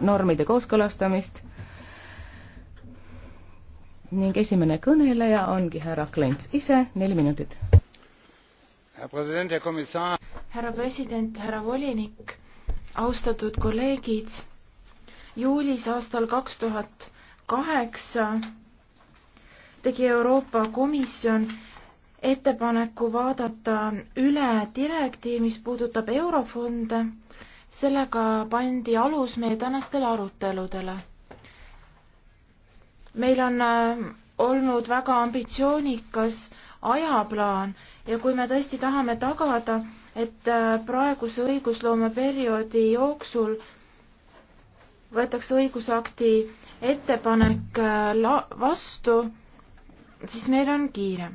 normide kooskõlastamist ning esimene kõneleja ongi härra Klents ise, neli minutit. härra president, härra volinik, austatud kolleegid, juulis aastal kaks tuhat kaheksa tegi Euroopa Komisjon ettepaneku vaadata üle direktiiv, mis puudutab eurofonde sellega pandi alus meie tänastele aruteludele. meil on äh, olnud väga ambitsioonikas ajaplaan ja kui me tõesti tahame tagada, et äh, praeguse õigusloomeperioodi jooksul võetakse õigusakti ettepanek äh, vastu, siis meil on kiire.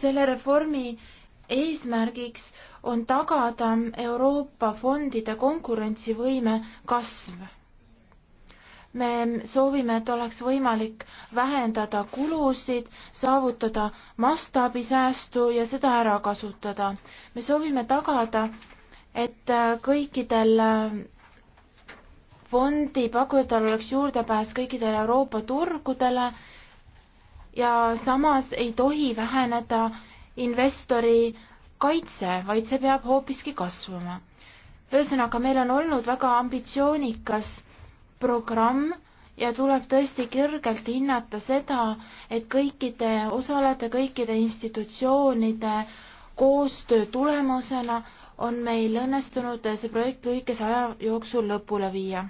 selle reformi eesmärgiks on tagada Euroopa fondide konkurentsivõime kasv. me soovime, et oleks võimalik vähendada kulusid, saavutada mastaabisäästu ja seda ära kasutada. me soovime tagada, et kõikidel äh, fondi pakkujatel oleks juurdepääs kõikidele Euroopa turgudele ja samas ei tohi väheneda investori kaitse, vaid see peab hoopiski kasvama. ühesõnaga, meil on olnud väga ambitsioonikas programm ja tuleb tõesti kõrgelt hinnata seda, et kõikide osalejate, kõikide institutsioonide koostöö tulemusena on meil õnnestunud see projekt lühikese aja jooksul lõpule viia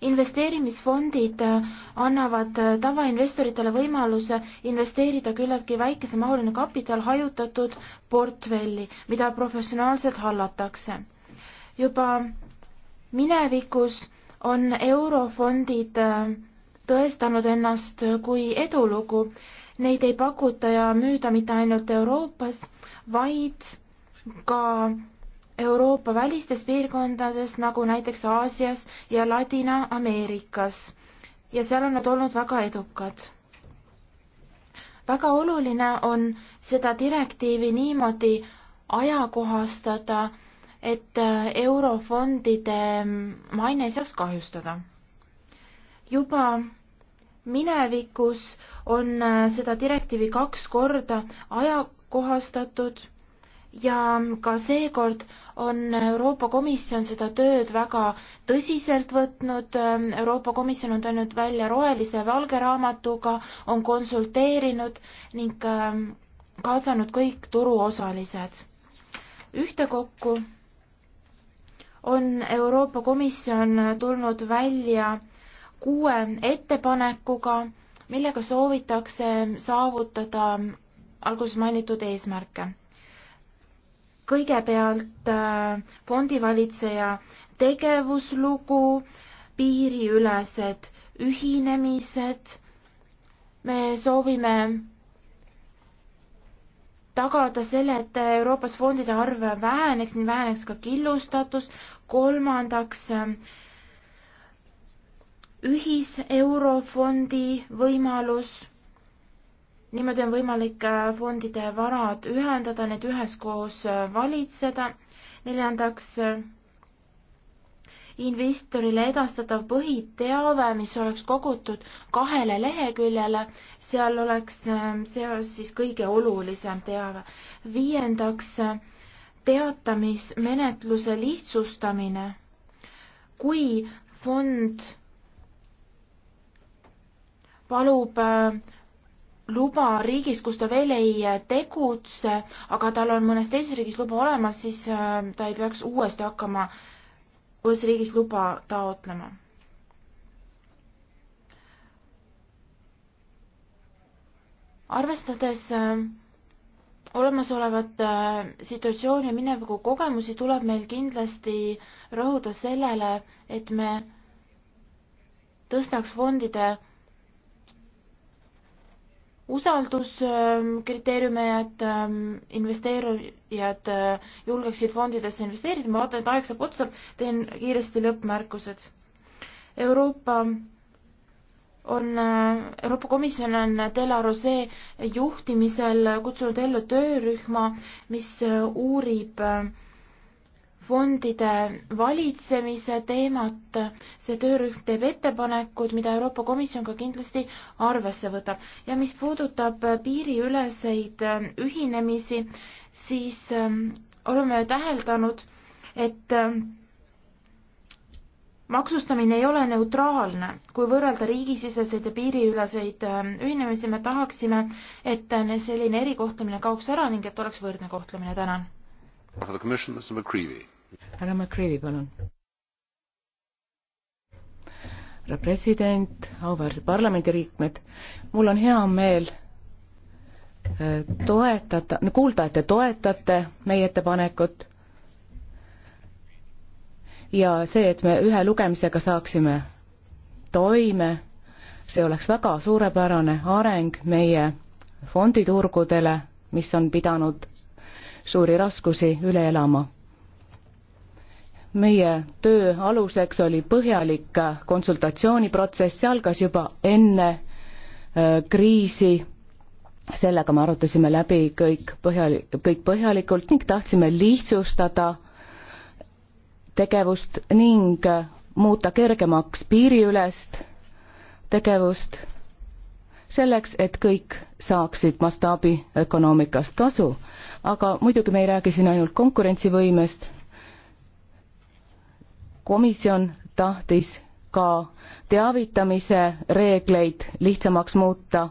investeerimisfondid äh, annavad äh, tavainvestoritele võimaluse investeerida küllaltki väikesemahuline kapital hajutatud portfelli, mida professionaalselt hallatakse. juba minevikus on eurofondid äh, tõestanud ennast kui edulugu. Neid ei pakuta ja müüda mitte ainult Euroopas, vaid ka Euroopa välistes piirkondades, nagu näiteks Aasias ja Ladina-Ameerikas ja seal on nad olnud väga edukad. väga oluline on seda direktiivi niimoodi ajakohastada, et äh, eurofondide mm, maine ei saaks kahjustada. juba minevikus on äh, seda direktiivi kaks korda ajakohastatud ja ka seekord on Euroopa Komisjon seda tööd väga tõsiselt võtnud, Euroopa Komisjon on tulnud välja rohelise valge raamatuga, on konsulteerinud ning ähm, kaasanud kõik turuosalised. ühtekokku on Euroopa Komisjon tulnud välja kuue ettepanekuga, millega soovitakse saavutada alguses mainitud eesmärke kõigepealt äh, fondivalitseja tegevuslugu, piiriülesed ühinemised, me soovime tagada selle, et Euroopas fondide arv väheneks, nii väheneks ka killustatus, kolmandaks äh, ühiseuroofondi võimalus niimoodi on võimalik äh, fondide varad ühendada, need üheskoos äh, valitseda. neljandaks, äh, investorile edastatav põhiteave, mis oleks kogutud kahele leheküljele, seal oleks seos siis kõige olulisem teave. viiendaks, teatamismenetluse lihtsustamine. kui fond palub äh, luba riigis, kus ta veel ei tegutse, aga tal on mõnes teises riigis luba olemas, siis äh, ta ei peaks uuesti hakkama uues riigis luba taotlema. arvestades äh, olemasolevat äh, situatsiooni ja mineviku kogemusi, tuleb meil kindlasti rõhuda sellele, et me tõstaks fondide usalduskriteeriume, et ähm, investeerijad äh, julgeksid fondidesse investeerida, ma vaatan, et aeg saab otsa, teen kiiresti lõppmärkused. Euroopa on, äh, Euroopa Komisjon on Dela Rose juhtimisel kutsunud ellu töörühma, mis äh, uurib äh, fondide valitsemise teemat. see töörühm teeb ettepanekud, mida Euroopa Komisjon ka kindlasti arvesse võtab. ja mis puudutab piiriüleseid ühinemisi, siis ähm, oleme täheldanud, et ähm, maksustamine ei ole neutraalne, kui võrrelda riigisiseseid ja piiriüleseid ähm, ühinemisi, me tahaksime, et äh, selline erikohtlemine kaoks ära ning et oleks võrdne kohtlemine, tänan härra McCreevy, palun. härra president, auväärsed parlamendiliikmed, mul on hea meel äh, toetada, kuulda, et te toetate meie ettepanekut ja see, et me ühe lugemisega saaksime toime, see oleks väga suurepärane areng meie fonditurgudele, mis on pidanud suuri raskusi üle elama meie töö aluseks oli põhjalik konsultatsiooniprotsess, see algas juba enne äh, kriisi, sellega me arutasime läbi kõik põhjal-, kõik põhjalikult ning tahtsime lihtsustada tegevust ning äh, muuta kergemaks piiriülest tegevust, selleks, et kõik saaksid mastaabiökonoomikast kasu. aga muidugi me ei räägi siin ainult konkurentsivõimest komisjon tahtis ka teavitamise reegleid lihtsamaks muuta,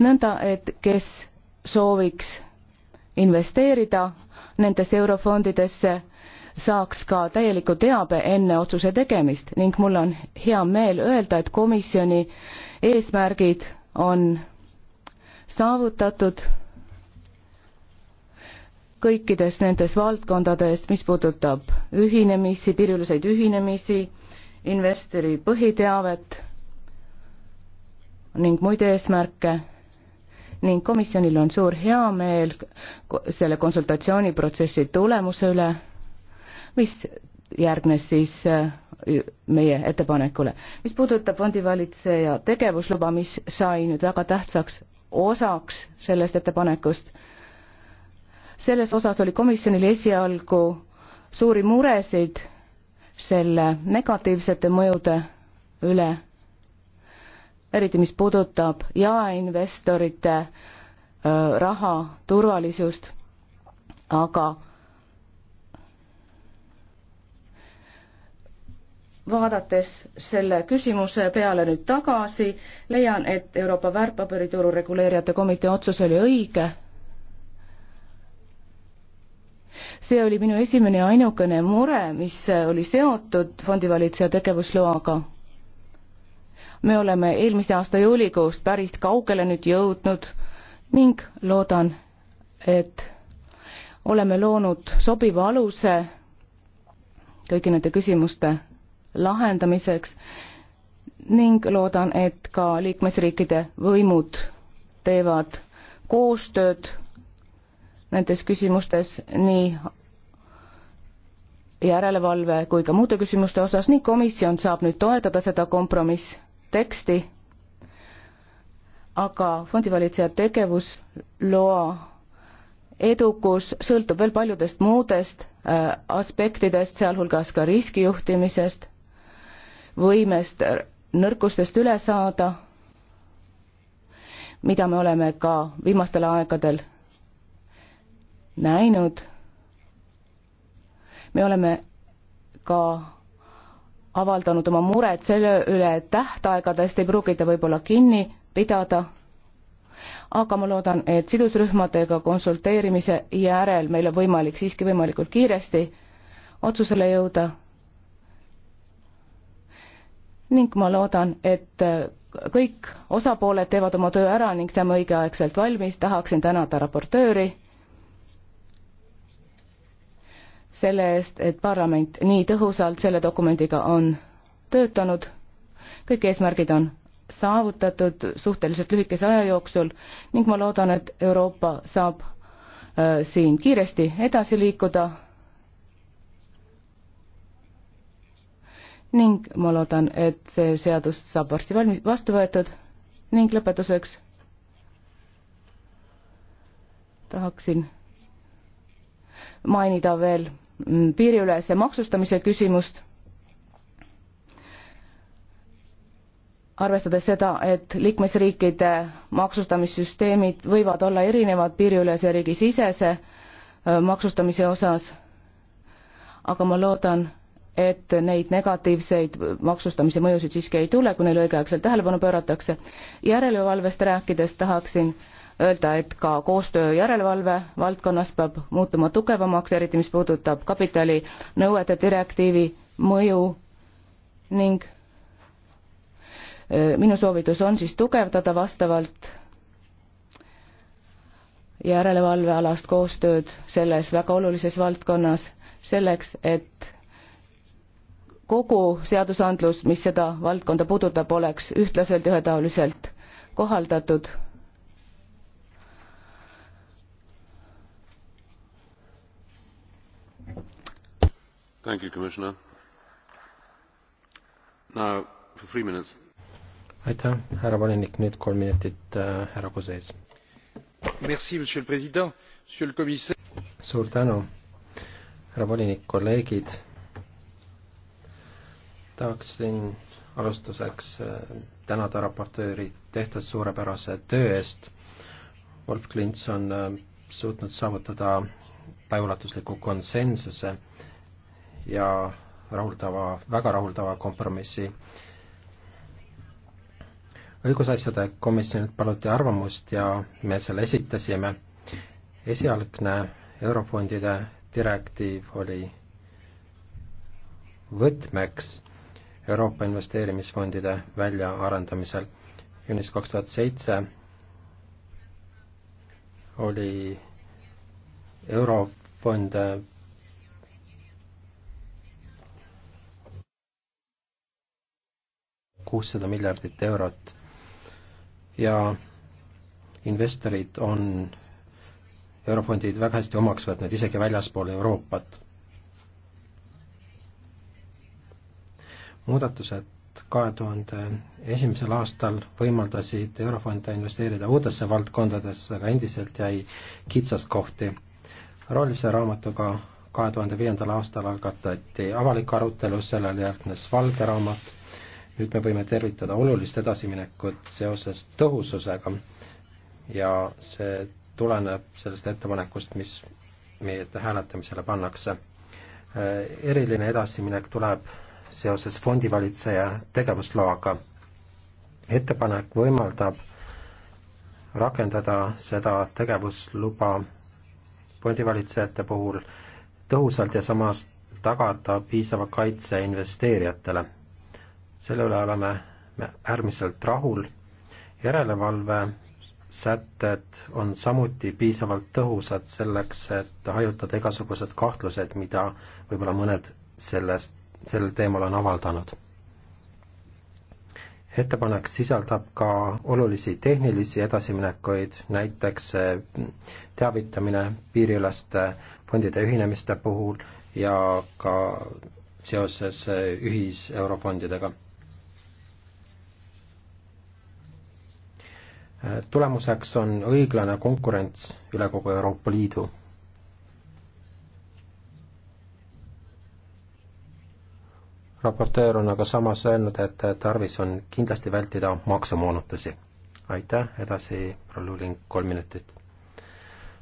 nõnda et kes sooviks investeerida nendesse eurofondidesse, saaks ka täieliku teabe enne otsuse tegemist ning mul on hea meel öelda, et komisjoni eesmärgid on saavutatud kõikides nendes valdkondades, mis puudutab ühinemisi, piiriüleseid ühinemisi, investori põhiteavet ning muid eesmärke ning komisjonil on suur heameel selle konsultatsiooniprotsessi tulemuse üle, mis järgnes siis äh, meie ettepanekule. mis puudutab fondivalitseja tegevusluba, mis sai nüüd väga tähtsaks osaks sellest ettepanekust, selles osas oli komisjonil esialgu suuri muresid selle negatiivsete mõjude üle, eriti mis puudutab jaeinvestorite raha turvalisust, aga vaadates selle küsimuse peale nüüd tagasi, leian, et Euroopa väärtpaberituru reguleerijate komitee otsus oli õige see oli minu esimene ja ainukene mure, mis oli seotud fondivalitseja tegevusloaga. me oleme eelmise aasta juulikuust päris kaugele nüüd jõudnud ning loodan, et oleme loonud sobiva aluse kõigi nende küsimuste lahendamiseks ning loodan, et ka liikmesriikide võimud teevad koostööd nendes küsimustes nii järelevalve kui ka muude küsimuste osas ning komisjon saab nüüd toetada seda kompromissteksti, aga fondivalitseja tegevusloa edukus sõltub veel paljudest muudest äh, aspektidest, sealhulgas ka riskijuhtimisest, võimest nõrkustest üle saada, mida me oleme ka viimastel aegadel näinud, me oleme ka avaldanud oma muret selle üle, et tähtaegadest ei pruugita võib-olla kinni pidada, aga ma loodan, et sidusrühmadega konsulteerimise järel meil on võimalik siiski võimalikult kiiresti otsusele jõuda ning ma loodan, et kõik osapooled teevad oma töö ära ning saame õigeaegselt valmis, tahaksin tänada raportööri selle eest, et parlament nii tõhusalt selle dokumendiga on töötanud. kõik eesmärgid on saavutatud suhteliselt lühikese aja jooksul ning ma loodan, et Euroopa saab äh, siin kiiresti edasi liikuda. ning ma loodan, et see seadus saab varsti valmis, vastu võetud ning lõpetuseks tahaksin mainida veel Mm, piiriülese maksustamise küsimust, arvestades seda, et liikmesriikide maksustamissüsteemid võivad olla erinevad piiriülese riigisisese maksustamise osas, aga ma loodan, et neid negatiivseid maksustamise mõjusid siiski ei tule, kui neile õigeaegselt tähelepanu pööratakse. järelevalvest rääkides tahaksin öelda, et ka koostöö järelevalve valdkonnas peab muutuma tugevamaks, eriti mis puudutab kapitalinõuete direktiivi mõju ning eh, minu soovitus on siis tugevdada vastavalt järelevalvealast koostööd selles väga olulises valdkonnas selleks, et kogu seadusandlus, mis seda valdkonda puudutab, oleks ühtlaselt ja ühetaoliselt kohaldatud aitäh, härra volinik, nüüd kolm minutit äh, härra Kusees. suur tänu, härra volinik, kolleegid. tahaksin alustuseks äh, tänada raportööri tehtud suurepärase töö eest. Wolf Klints on äh, suutnud saavutada laiaulatusliku konsensuse ja rahuldava, väga rahuldava kompromissi. õigusasjade komisjonilt paluti arvamust ja me selle esitasime. esialgne eurofondide direktiiv oli võtmeks Euroopa investeerimisfondide väljaarendamisel. juunis kaks tuhat seitse oli eurofond kuussada miljardit eurot ja investorid on eurofondid väga hästi omaks võtnud, isegi väljaspool Euroopat. muudatused kahe tuhande esimesel aastal võimaldasid eurofonde investeerida uutesse valdkondadesse, aga endiselt jäi kitsaskohti. rohelise raamatuga kahe tuhande viiendal aastal algatati avalik arutelu, sellele järgnes valge raamat nüüd me võime tervitada olulist edasiminekut seoses tõhususega ja see tuleneb sellest ettepanekust, mis meie ette hääletamisele pannakse. Äh, eriline edasiminek tuleb seoses fondivalitseja tegevusloaga. ettepanek võimaldab rakendada seda tegevusluba fondivalitsejate puhul tõhusalt ja samas tagada piisava kaitse investeerijatele selle üle oleme me äärmiselt rahul. järelevalve sätted on samuti piisavalt tõhusad selleks, et hajutada igasugused kahtlused, mida võib-olla mõned sellest, sellel teemal on avaldanud. ettepanek sisaldab ka olulisi tehnilisi edasiminekuid, näiteks teavitamine piiriüleste fondide ühinemiste puhul ja ka seoses ühis-eurofondidega Äh, tulemuseks on õiglane konkurents üle kogu Euroopa Liidu. raporteer on aga samas öelnud, et tarvis on kindlasti vältida maksumoonutusi. aitäh, edasi proua Luling, kolm minutit.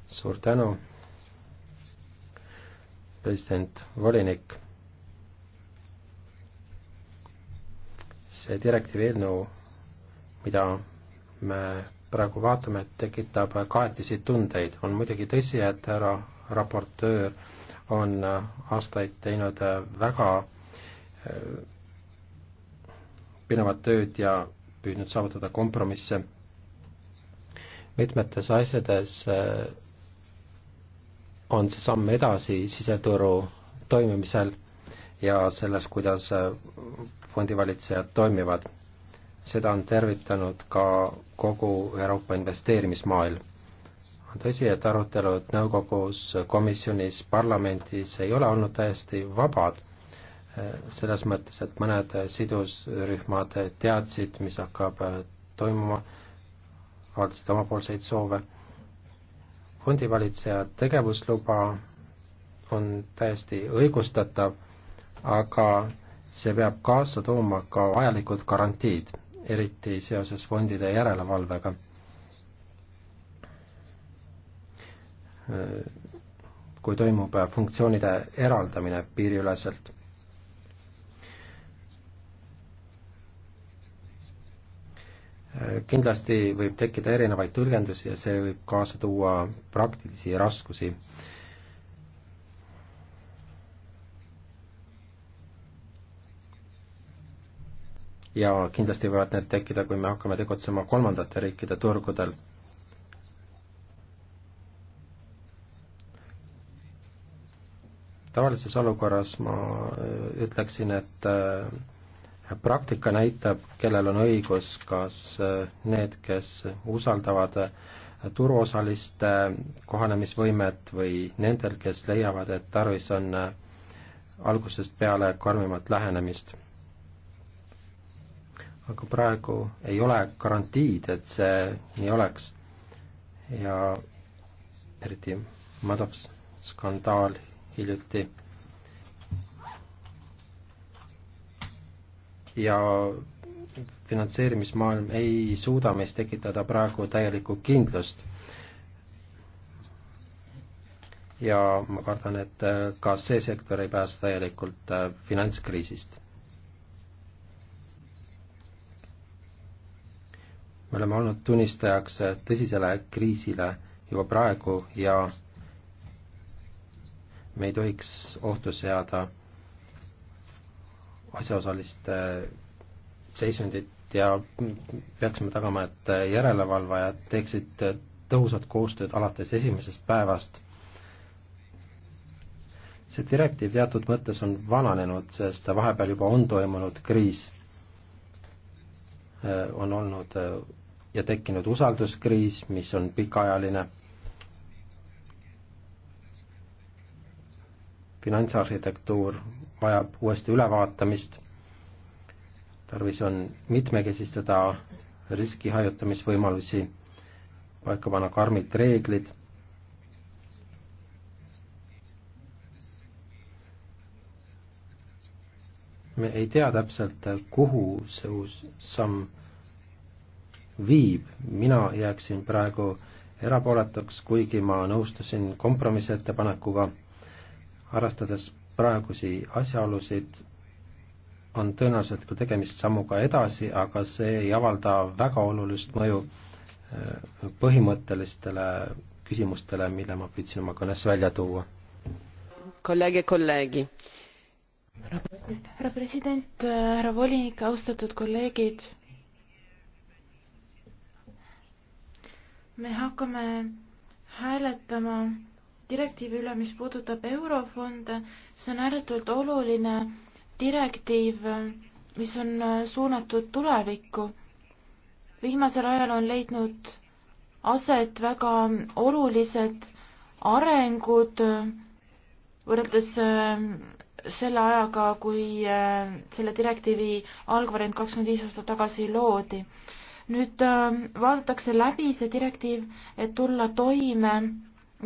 suur tänu, president, volinik. see direktiivi eelnõu, mida me praegu vaatame, tekitab kahetisi tundeid. on muidugi tõsi, et härra raportöör on aastaid teinud väga eh, pinevat tööd ja püüdnud saavutada kompromisse mitmetes asjades eh, on see samm edasi siseturu toimimisel ja selles, kuidas eh, fondivalitsejad toimivad seda on tervitanud ka kogu Euroopa investeerimismaailm. on tõsi, et arutelud nõukogus, komisjonis, parlamendis ei ole olnud täiesti vabad, eh, selles mõttes, et mõned sidusrühmad teadsid, mis hakkab eh, toimuma, avaldasid omapoolseid soove. fondivalitseja tegevusluba on täiesti õigustatav, aga see peab kaasa tooma ka vajalikud garantiid eriti seoses fondide järelevalvega. kui toimub funktsioonide eraldamine piiriüleselt. kindlasti võib tekkida erinevaid tõlgendusi ja see võib kaasa tuua praktilisi raskusi äh, ja kindlasti võivad need tekkida, kui me hakkame tegutsema kolmandate riikide turgudel. tavalises olukorras ma äh, ütleksin, et äh, praktika näitab, kellel on õigus, kas äh, need, kes usaldavad turuosaliste kohanemisvõimet või nendel, kes leiavad, et tarvis on algusest peale karmimat lähenemist aga praegu ei ole garantiid, et see nii oleks. ja eriti Madovs skandaal hiljuti. ja finantseerimismaailm ei suuda meis tekitada praegu täielikku kindlust. ja ma kardan, et ka see sektor ei pääse täielikult äh, finantskriisist me oleme olnud tunnistajaks tõsisele kriisile juba praegu ja me ei tohiks ohtu seada asjaosaliste seisundit ja peaksime tagama, et järelevalvajad teeksid tõhusat koostööd alates esimesest päevast. see direktiiv teatud mõttes on vananenud, sest vahepeal juba on toimunud kriis, on olnud ja tekkinud usalduskriis, mis on pikaajaline. finantsarhitektuur vajab uuesti ülevaatamist, tarvis on mitmekesistada riski hajutamisvõimalusi, paika panna karmid reeglid me ei tea täpselt, kuhu see uus samm viib. mina jääksin praegu erapooletuks, kuigi ma nõustusin kompromissettepanekuga. arvestades praegusi asjaolusid, on tõenäoliselt ka tegemist sammuga edasi, aga see ei avalda väga olulist mõju äh, põhimõttelistele küsimustele, mille ma püüdsin oma kõnes välja tuua. kolleeg ja kolleegi. härra president, härra äh, volinik, austatud kolleegid me hakkame hääletama direktiivi üle, mis puudutab eurofonde, see on ääretult oluline direktiiv, mis on äh, suunatud tulevikku. viimasel ajal on leidnud aset väga olulised arengud äh, võrreldes äh, selle ajaga, kui selle direktiivi algvariant kakskümmend viis aastat tagasi loodi nüüd äh, vaadatakse läbi see direktiiv, et tulla toime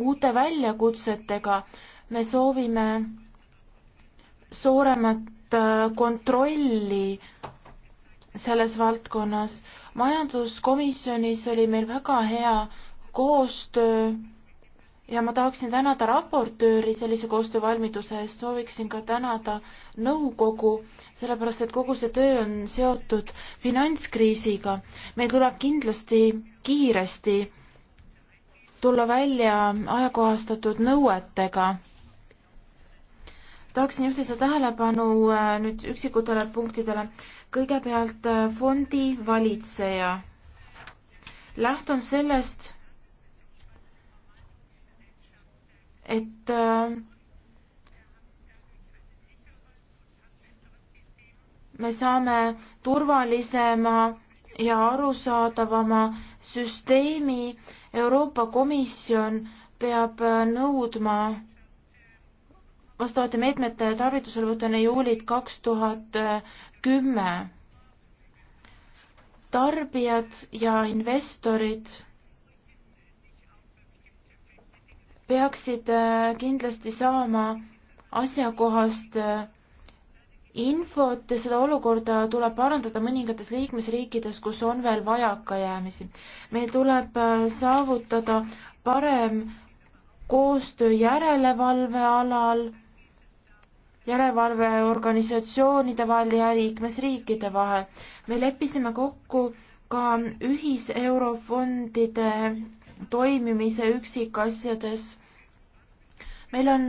uute väljakutsetega. me soovime suuremat äh, kontrolli selles valdkonnas. majanduskomisjonis oli meil väga hea koostöö ja ma tahaksin tänada raportööri sellise koostöövalmiduse eest, sooviksin ka tänada nõukogu, sellepärast et kogu see töö on seotud finantskriisiga. meil tuleb kindlasti kiiresti tulla välja ajakohastatud nõuetega. tahaksin juhtida tähelepanu äh, nüüd üksikutele punktidele. kõigepealt äh, fondi valitseja. lähtun sellest et äh, me saame turvalisema ja arusaadavama süsteemi. Euroopa Komisjon peab äh, nõudma vastavate meetmete tarvituselevõtuni juulid kaks tuhat kümme. tarbijad ja investorid peaksid äh, kindlasti saama asjakohast äh, infot ja seda olukorda tuleb parandada mõningates liikmesriikides, kus on veel vajakajäämisi. meil tuleb äh, saavutada parem koostöö järelevalve alal, järelevalveorganisatsioonide vahel ja liikmesriikide vahel. me leppisime kokku ka ühiseurofondide toimimise üksikasjades. meil on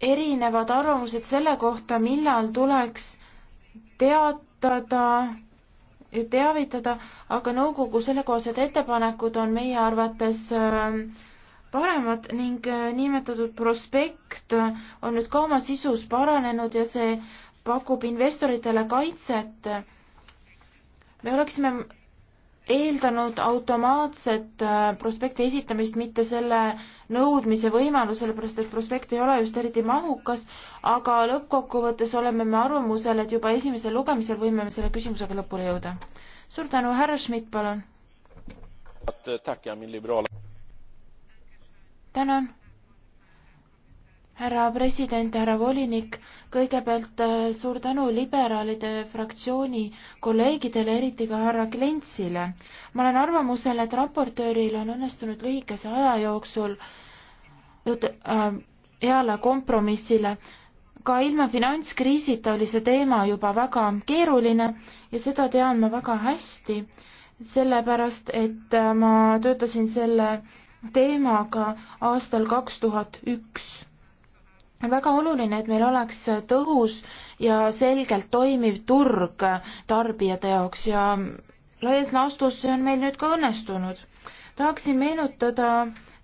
erinevad arvamused selle kohta, millal tuleks teatada, teavitada, aga nõukogu sellekohased ettepanekud on meie arvates äh, paremad ning niinimetatud äh, prospekt on nüüd ka oma sisus paranenud ja see pakub investoritele kaitset. me oleksime eeldanud automaatset äh, prospekti esitamist, mitte selle nõudmise võimalus, sellepärast et prospekt ei ole just eriti mahukas, aga lõppkokkuvõttes oleme me arvamusel, et juba esimesel lugemisel võime me selle küsimusega lõpule jõuda. suur tänu, härra Schmidt, palun. Äh, tänan härra president, härra volinik, kõigepealt äh, suur tänu liberaalide fraktsiooni kolleegidele, eriti ka härra Klentsile. ma olen arvamusel, et raportööril on õnnestunud lühikese aja jooksul jõuda äh, heale kompromissile. ka ilma finantskriisita oli see teema juba väga keeruline ja seda tean ma väga hästi, sellepärast et äh, ma töötasin selle teemaga aastal kaks tuhat üks on väga oluline, et meil oleks tõhus ja selgelt toimiv turg tarbijate jaoks ja laias laastus see on meil nüüd ka õnnestunud. tahaksin meenutada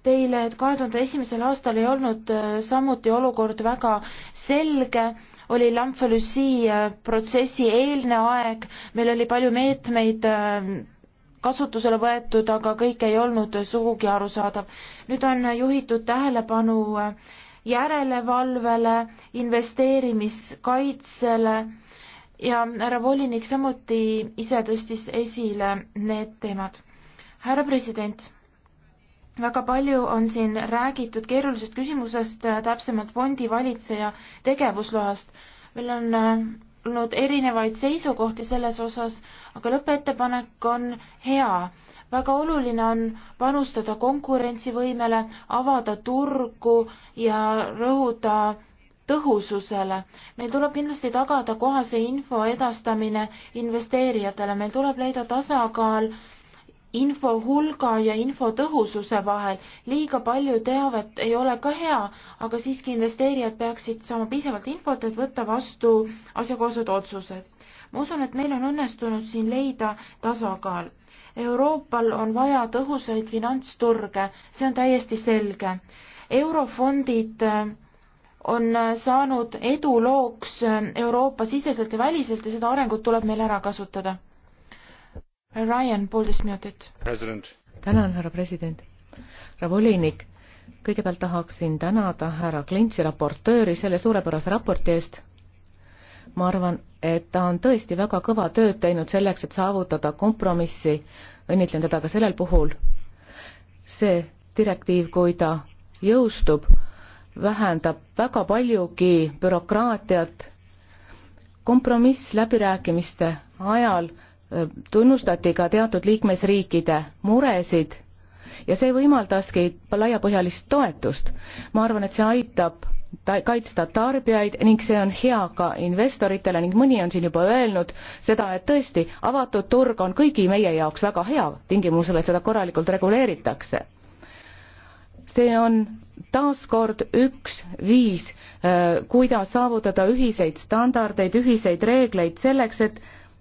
teile, et kahe tuhande esimesel aastal ei olnud äh, samuti olukord väga selge, oli Lamfalusi äh, protsessi eelne aeg, meil oli palju meetmeid äh, kasutusele võetud, aga kõik ei olnud sugugi arusaadav. nüüd on juhitud tähelepanu järelevalvele, investeerimiskaitsele ja härra volinik samuti ise tõstis esile need teemad. härra president, väga palju on siin räägitud keerulisest küsimusest, täpsemalt fondi valitseja tegevusloast. meil on äh, olnud erinevaid seisukohti selles osas, aga lõppettepanek on hea väga oluline on panustada konkurentsivõimele, avada turgu ja rõhuda tõhususele. meil tuleb kindlasti tagada kohase info edastamine investeerijatele, meil tuleb leida tasakaal info hulga ja info tõhususe vahel. liiga palju teavet ei ole ka hea, aga siiski investeerijad peaksid saama piisavalt infot, et võtta vastu asjakohased otsused. ma usun, et meil on õnnestunud siin leida tasakaal Euroopal on vaja tõhusaid finantsturge, see on täiesti selge. eurofondid äh, on äh, saanud edulooks äh, Euroopa-siseselt ja väliselt ja seda arengut tuleb meil ära kasutada. Ryan, poolteist minutit. tänan, härra president. härra volinik, kõigepealt tahaksin tänada härra Klintsi raportööri selle suurepärase raporti eest ma arvan, et ta on tõesti väga kõva tööd teinud selleks, et saavutada kompromissi, õnnitlen teda ka sellel puhul. see direktiiv, kui ta jõustub, vähendab väga paljugi bürokraatiat. kompromiss läbirääkimiste ajal eh, tunnustati ka teatud liikmesriikide muresid ja see võimaldaski laiapõhjalist toetust. ma arvan, et see aitab ta-, kaitsta tarbijaid ning see on hea ka investoritele ning mõni on siin juba öelnud seda, et tõesti, avatud turg on kõigi meie jaoks väga hea, tingimusel, et seda korralikult reguleeritakse. see on taaskord üks viis, äh, kuidas saavutada ühiseid standardeid, ühiseid reegleid selleks, et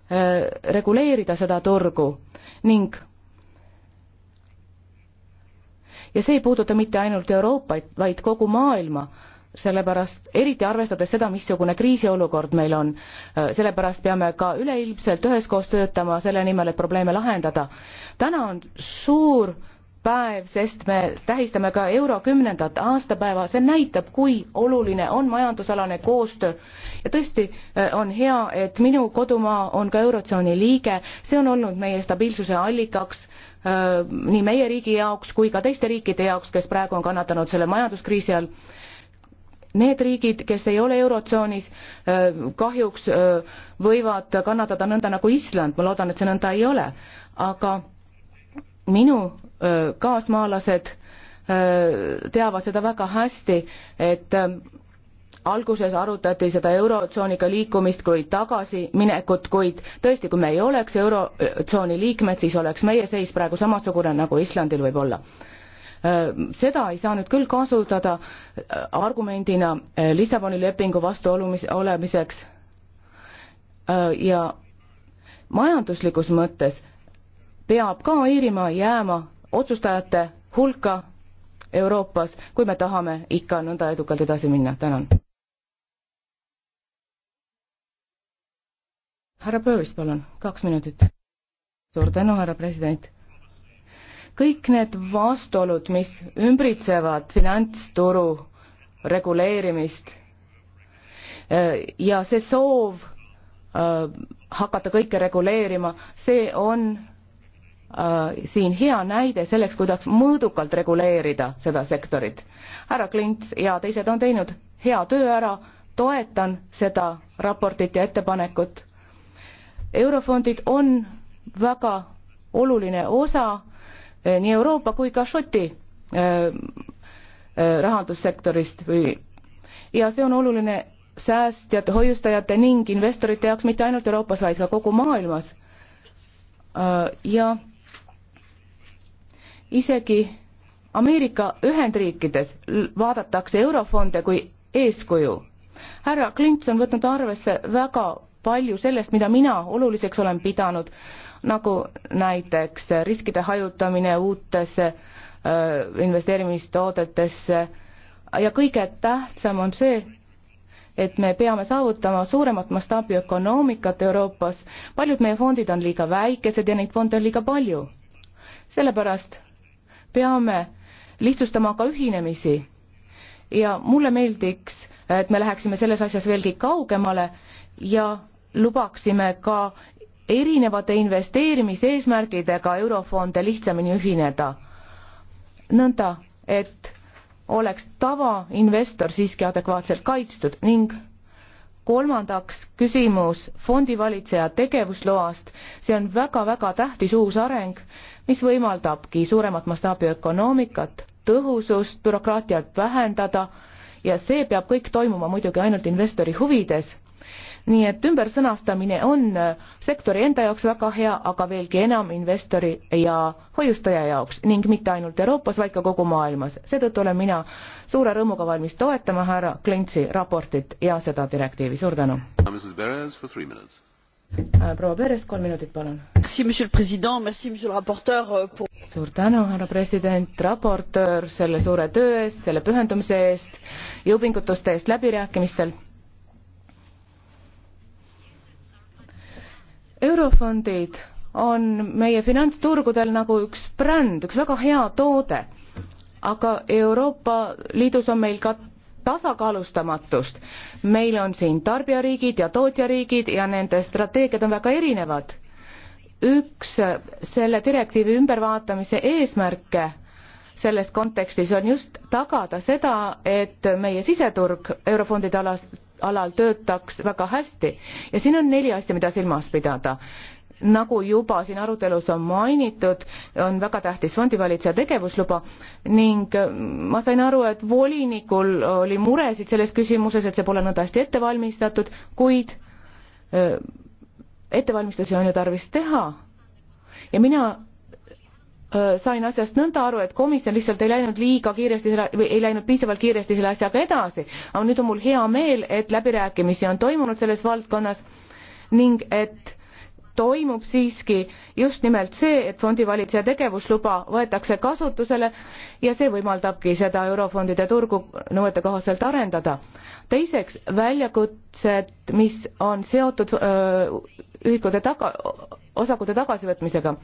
äh, reguleerida seda turgu ning ja see ei puuduta mitte ainult Euroopat, vaid kogu maailma sellepärast, eriti arvestades seda, missugune kriisiolukord meil on, äh, sellepärast peame ka üleilmselt üheskoos töötama selle nimel, et probleeme lahendada. täna on suur päev, sest me tähistame ka euro kümnendat aastapäeva, see näitab, kui oluline on majandusalane koostöö. ja tõesti äh, on hea, et minu kodumaa on ka Eurotsooni liige, see on olnud meie stabiilsuse allikaks äh, nii meie riigi jaoks kui ka teiste riikide jaoks, kes praegu on kannatanud selle majanduskriisi all Need riigid, kes ei ole Eurotsoonis, äh, kahjuks äh, võivad kannatada nõnda nagu Island, ma loodan, et see nõnda ei ole, aga minu äh, kaasmaalased teavad seda väga hästi, et alguses arutati seda eurotsooniga liikumist kui tagasiminekut, kuid tõesti, kui me ei oleks eurotsooni liikmed, siis oleks meie seis praegu samasugune, nagu Islandil võib olla Äh, seda ei saa nüüd küll kasutada äh, argumendina äh, Lissaboni lepingu vastu olemiseks ja majanduslikus mõttes peab ka Iirimaa jääma otsustajate hulka Euroopas, kui me tahame ikka nõnda edukalt edasi minna, tänan. härra Pööris, palun, kaks minutit. suur tänu, härra president kõik need vastuolud, mis ümbritsevad finantsturu reguleerimist eh, ja see soov eh, hakata kõike reguleerima, see on eh, siin hea näide selleks, kuidas mõõdukalt reguleerida seda sektorit. härra Klints ja teised on teinud hea töö ära, toetan seda raportit ja ettepanekut. eurofondid on väga oluline osa Eh, nii Euroopa kui ka Šoti eh, eh, rahandussektorist või ja see on oluline säästjate, hoiustajate ning investorite jaoks mitte ainult Euroopas, vaid ka kogu maailmas. ja isegi Ameerika Ühendriikides vaadatakse eurofonde kui eeskuju. härra Klints on võtnud arvesse väga palju sellest, mida mina oluliseks olen pidanud nagu näiteks riskide hajutamine uutesse investeerimistoodetesse ja kõige tähtsam on see, et me peame saavutama suuremat mastaabi ökonoomikat Euroopas. paljud meie fondid on liiga väikesed ja neid fonde on liiga palju. sellepärast peame lihtsustama ka ühinemisi. ja mulle meeldiks, et me läheksime selles asjas veelgi kaugemale ja lubaksime ka erinevate investeerimiseesmärgidega eurofonde lihtsamini ühineda. nõnda, et oleks tavainvestor siiski adekvaatselt kaitstud ning kolmandaks küsimus fondivalitseja tegevusloast see on väga väga tähtis uus areng mis võimaldabki suuremat mastaabiökonoomikat tõhusust bürokraatiat vähendada ja see peab kõik toimuma muidugi ainult investori huvides nii et ümbersõnastamine on äh, sektori enda jaoks väga hea, aga veelgi enam investori ja hoiustaja jaoks ning mitte ainult Euroopas, vaid ka kogu maailmas. seetõttu olen mina suure rõõmuga valmis toetama härra Klintsi raportit ja seda direktiivi, suur tänu. Äh, proua Peres, kolm minutit, palun. Euh, pour... suur tänu, härra president, raportöör selle suure töö eest, selle pühendumise eest, jõupingutuste eest läbirääkimistel eurofondid on meie finantsturgudel nagu üks bränd, üks väga hea toode, aga Euroopa Liidus on meil ka tasakaalustamatust. meil on siin tarbijariigid ja tootjariigid ja nende strateegiad on väga erinevad. üks selle direktiivi ümbervaatamise eesmärke selles kontekstis on just tagada seda, et meie siseturg eurofondide alast alal töötaks väga hästi. ja siin on neli asja, mida silmas pidada nagu juba siin arutelus on mainitud, on väga tähtis fondivalitseja tegevusluba ning ma sain aru, et volinikul oli muresid selles küsimuses, et see pole nõnda hästi ette valmistatud, kuid äh, ettevalmistusi on ju tarvis teha. ja mina sain asjast nõnda aru, et komisjon lihtsalt ei läinud liiga kiiresti, ei läinud piisavalt kiiresti selle asjaga edasi, aga nüüd on mul hea meel, et läbirääkimisi on toimunud selles valdkonnas ning et toimub siiski just nimelt see, et fondivalitseja tegevusluba võetakse kasutusele ja see võimaldabki seda eurofondide turgu nõuetekohaselt arendada. teiseks, väljakutsed, mis on seotud öö, ühikute taga, osakute tagasivõtmisega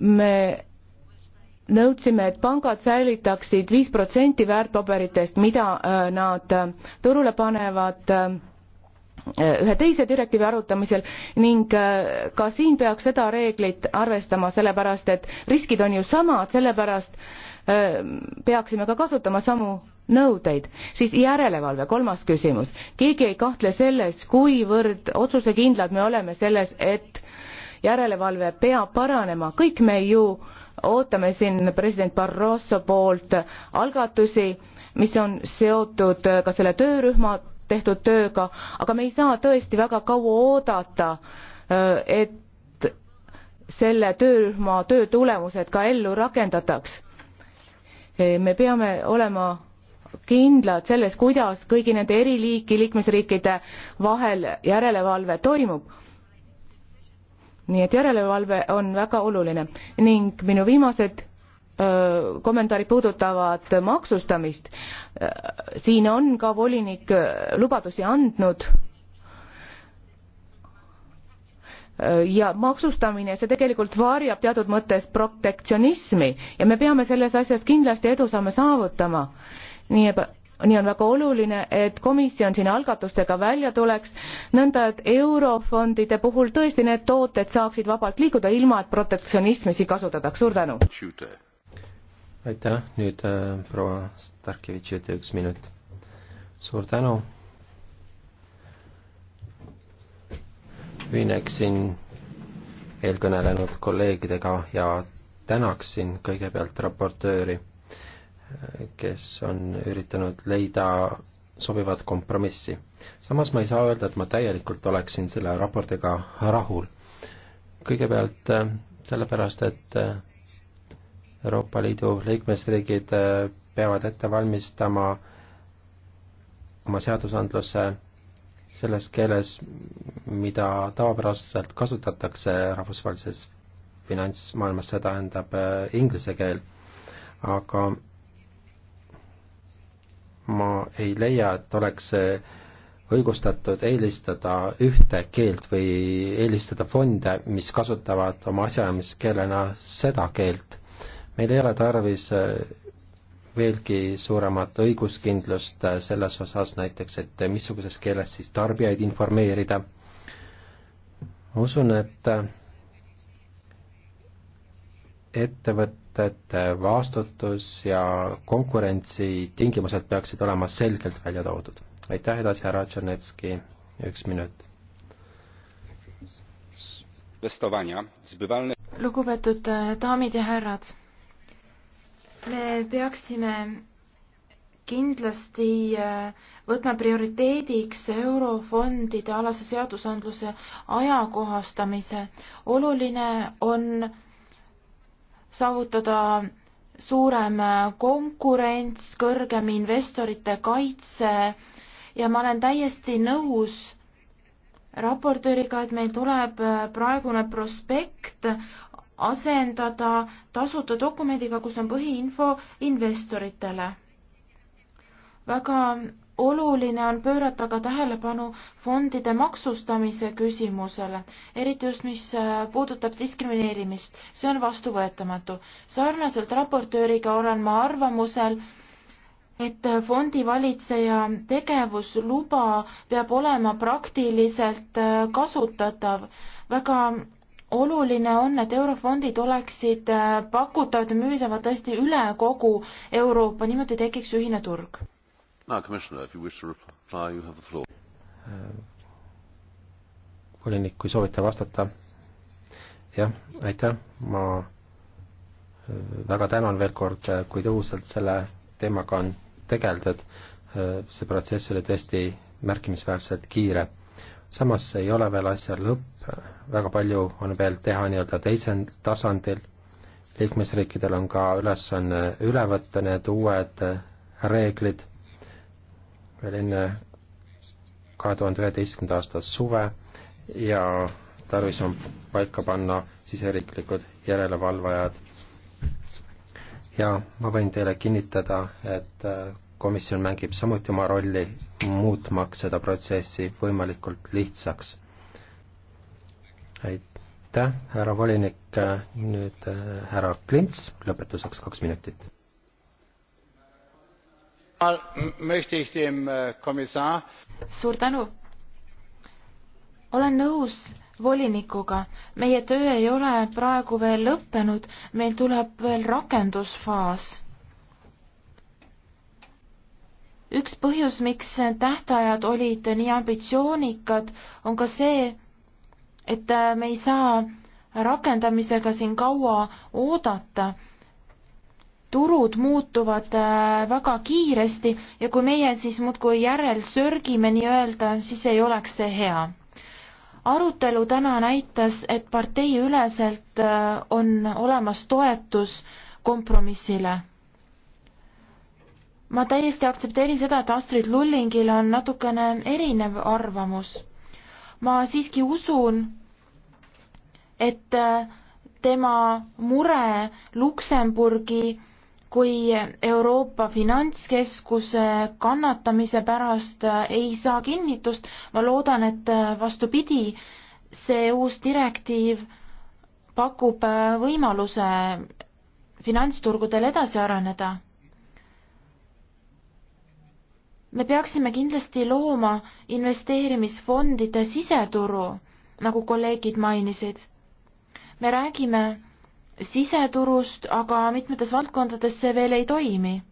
me nõudsime, et pangad säilitaksid viis protsenti väärtpaberitest, mida äh, nad äh, turule panevad äh, ühe teise direktiivi arutamisel ning ka siin peaks seda reeglit arvestama, sellepärast et riskid on ju samad, sellepärast peaksime ka kasutama samu nõudeid siis järelevalve kolmas küsimus keegi ei kahtle selles kuivõrd otsusekindlad me oleme selles et järelevalve peab paranema, kõik me ju ootame siin president Barroso poolt algatusi, mis on seotud ka selle töörühma tehtud tööga, aga me ei saa tõesti väga kaua oodata, et selle töörühma töö tulemused ka ellu rakendataks. me peame olema kindlad selles, kuidas kõigi nende eri liiki liikmesriikide vahel järelevalve toimub nii et järelevalve on väga oluline ning minu viimased kommentaarid puudutavad maksustamist. siin on ka volinik lubadusi andnud ja maksustamine see tegelikult varjab teatud mõttes protektsionismi ja me peame selles asjas kindlasti edusamme saavutama nii et nii on väga oluline, et komisjon siin algatustega välja tuleks, nõnda et eurofondide puhul tõesti need tooted saaksid vabalt liikuda, ilma et protektsionismi siin kasutataks. suur tänu! aitäh, nüüd äh, proua Starkevitš, ütle üks minut. suur tänu! ühineksin eelkõnelenud kolleegidega ja tänaksin kõigepealt raportööri kes on üritanud leida sobivat kompromissi. samas ma ei saa öelda, et ma täielikult oleksin selle raportiga rahul. kõigepealt äh, sellepärast, et äh, Euroopa Liidu liikmesriigid äh, peavad ette valmistama oma seadusandluse selles keeles, mida tavapäraselt kasutatakse rahvusvahelises finantsmaailmas, see tähendab inglise keel. aga ma ei leia, et oleks õigustatud eelistada ühte keelt või eelistada fonde, mis kasutavad oma asjaajamiskeelena seda keelt. meil ei ole tarvis äh, veelgi suuremat õiguskindlust äh, selles osas näiteks, et äh, missuguses keeles siis tarbijaid informeerida. ma usun, et ettevõt-, ettevõtete vastutus ja konkurentsitingimused peaksid olema selgelt välja toodud. aitäh edasi, härra Tšernetski, üks minut. lugupeetud eh, daamid ja härrad, me peaksime kindlasti eh, võtma prioriteediks eurofondide alase seadusandluse ajakohastamise. oluline on saavutada suurem konkurents, kõrgem investorite kaitse ja ma olen täiesti nõus raportööriga, et meil tuleb praegune prospekt asendada tasuta dokumendiga, kus on põhiinfo investoritele. väga oluline on pöörata ka tähelepanu fondide maksustamise küsimusele, eriti just, mis äh, puudutab diskrimineerimist, see on vastuvõetamatu. sarnaselt raportööriga olen ma arvamusel, et fondivalitseja tegevusluba peab olema praktiliselt äh, kasutatav. väga oluline on, et eurofondid oleksid äh, pakutavad ja müüdavad tõesti üle kogu Euroopa, niimoodi tekiks ühine turg Äh, volinik, kui soovite vastata. jah, aitäh, ma äh, väga tänan veel kord, äh, kui tõhusalt selle teemaga on tegeldud. see protsess oli tõesti märkimisväärselt kiire. samas ei ole veel asja lõpp, väga palju on veel teha nii-öelda teisel tasandil. liikmesriikidel on ka ülesanne üle võtta need uued reeglid veel enne kahe tuhande üheteistkümnenda aasta suve ja tarvis on paika panna siseriiklikud järelevalvajad. ja ma võin teile kinnitada, et äh, komisjon mängib samuti oma rolli, muutmaks seda protsessi võimalikult lihtsaks. aitäh, härra volinik, nüüd äh, härra Klints, lõpetuseks kaks minutit Äh, suur tänu. olen nõus volinikuga, meie töö ei ole praegu veel lõppenud, meil tuleb veel rakendusfaas. üks põhjus, miks tähtajad olid nii ambitsioonikad, on ka see, et äh, me ei saa rakendamisega siin kaua oodata turud muutuvad äh, väga kiiresti ja kui meie siis muudkui järel sörgime nii-öelda, siis ei oleks see hea. arutelu täna näitas, et parteiüleselt äh, on olemas toetus kompromissile. ma täiesti aktsepteerin seda, et Astrid Lullingil on natukene erinev arvamus. ma siiski usun, et äh, tema mure Luksemburgi kui Euroopa Finantskeskuse kannatamise pärast ei saa kinnitust, ma loodan, et vastupidi, see uus direktiiv pakub võimaluse finantsturgudel edasi areneda. me peaksime kindlasti looma investeerimisfondide siseturu, nagu kolleegid mainisid. me räägime siseturust, aga mitmetes valdkondades see veel ei toimi.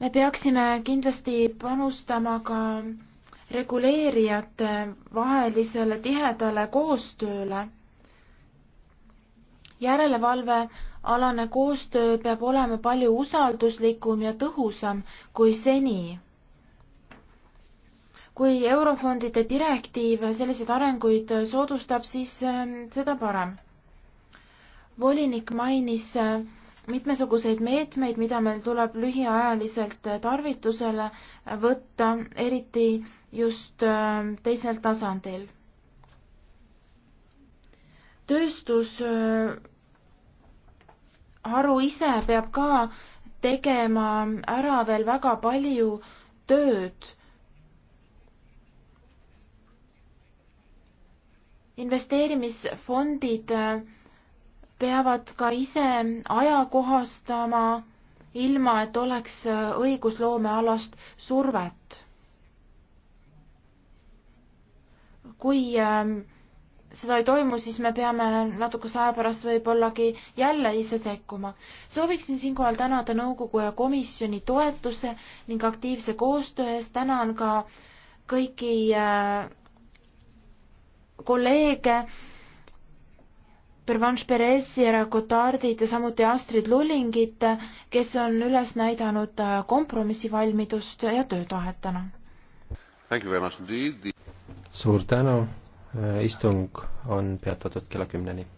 me peaksime kindlasti panustama ka reguleerijate vahelisele tihedale koostööle. järelevalve alane koostöö peab olema palju usalduslikum ja tõhusam kui seni kui eurofondide direktiiv selliseid arenguid soodustab, siis ähm, seda parem. volinik mainis äh, mitmesuguseid meetmeid, mida meil tuleb lühiajaliselt äh, tarvitusele võtta, eriti just ähm, teisel tasandil. tööstusharu äh, ise peab ka tegema ära veel väga palju tööd investeerimisfondid äh, peavad ka ise ajakohastama, ilma et oleks äh, õigusloomealast survet. kui ähm, seda ei toimu, siis me peame natukese aja pärast võib-ollagi jälle ise sekkuma. sooviksin siinkohal tänada nõukogu ja komisjoni toetuse ning aktiivse koostöö eest, tänan ka kõiki äh, kolleege, Pervanš Peresi, Erakotardit ja samuti Astrid Lullingit, kes on üles näidanud kompromissivalmidust ja töötahet täna. suur tänu, istung on peatatud kella kümneni